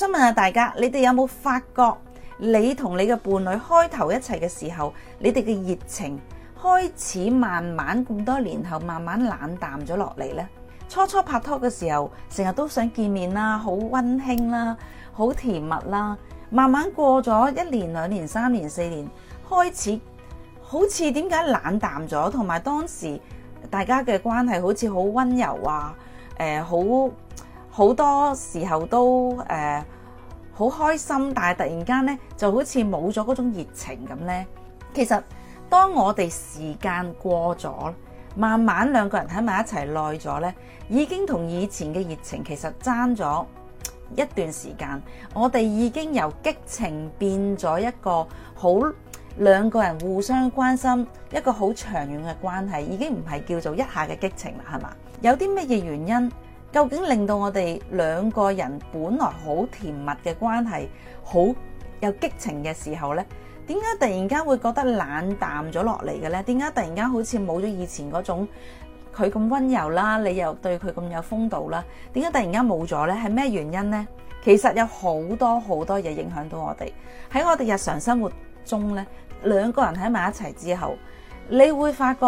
想問下大家，你哋有冇發覺你同你嘅伴侶開頭一齊嘅時候，你哋嘅熱情開始慢慢咁多年後慢慢冷淡咗落嚟呢？初初拍拖嘅時候，成日都想見面啦，好溫馨啦，好甜蜜啦。慢慢過咗一年、兩年、三年、四年，開始好似點解冷淡咗？同埋當時大家嘅關係好似好溫柔啊，誒、呃，好好多時候都誒。呃好開心，但係突然間呢就好似冇咗嗰種熱情咁呢，其實當我哋時間過咗，慢慢兩個人喺埋一齊耐咗呢，已經同以前嘅熱情其實爭咗一段時間。我哋已經由激情變咗一個好兩個人互相關心，一個好長遠嘅關係，已經唔係叫做一下嘅激情啦，係嘛？有啲乜嘢原因？究竟令到我哋兩個人本來好甜蜜嘅關係，好有激情嘅時候呢？點解突然間會覺得冷淡咗落嚟嘅咧？點解突然間好似冇咗以前嗰種佢咁溫柔啦，你又對佢咁有風度啦？點解突然間冇咗咧？係咩原因咧？其實有好多好多嘢影響到我哋。喺我哋日常生活中咧，兩個人喺埋一齊之後，你會發覺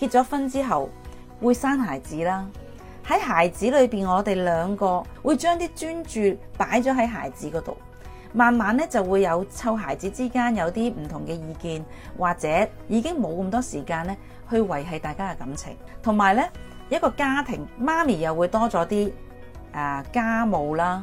結咗婚之後會生孩子啦。喺孩子裏邊，我哋兩個會將啲專注擺咗喺孩子嗰度，慢慢咧就會有湊孩子之間有啲唔同嘅意見，或者已經冇咁多時間咧去維繫大家嘅感情，同埋咧一個家庭媽咪又會多咗啲誒家務啦。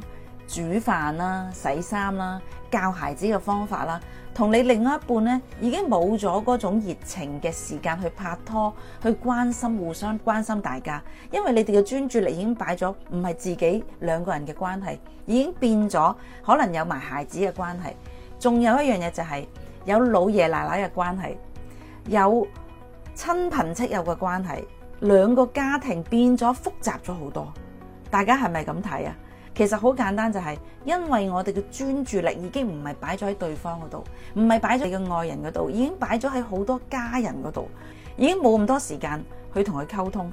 煮飯啦、啊、洗衫啦、啊、教孩子嘅方法啦、啊，同你另外一半呢已經冇咗嗰種熱情嘅時間去拍拖、去關心、互相關心大家，因為你哋嘅專注力已經擺咗，唔係自己兩個人嘅關係，已經變咗，可能有埋孩子嘅關係，仲有一樣嘢就係、是、有老爺奶奶嘅關係，有親朋戚友嘅關係，兩個家庭變咗複雜咗好多，大家係咪咁睇啊？其實好簡單，就係因為我哋嘅專注力已經唔係擺咗喺對方嗰度，唔係擺咗喺個愛人嗰度，已經擺咗喺好多家人嗰度，已經冇咁多時間去同佢溝通。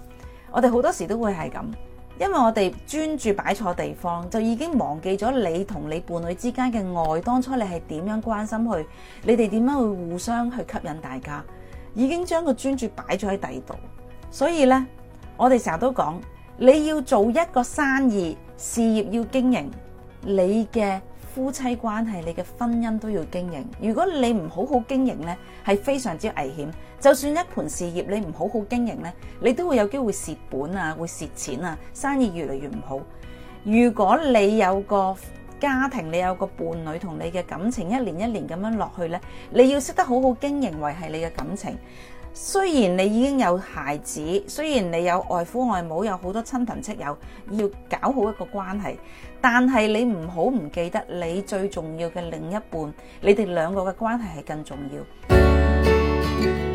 我哋好多時都會係咁，因為我哋專注擺錯地方，就已經忘記咗你同你伴侶之間嘅愛。當初你係點樣關心佢？你哋點樣會互相去吸引大家？已經將個專注擺咗喺第二度，所以呢，我哋成日都講你要做一個生意。事業要經營，你嘅夫妻關係，你嘅婚姻都要經營。如果你唔好好經營呢，係非常之危險。就算一盤事業你唔好好經營呢，你都會有機會蝕本啊，會蝕錢啊，生意越嚟越唔好。如果你有個家庭，你有個伴侶同你嘅感情，一年一年咁樣落去呢，你要識得好好經營維繫你嘅感情。雖然你已經有孩子，雖然你有外父外母，有好多親朋戚友，要搞好一個關係，但係你唔好唔記得你最重要嘅另一半，你哋兩個嘅關係係更重要。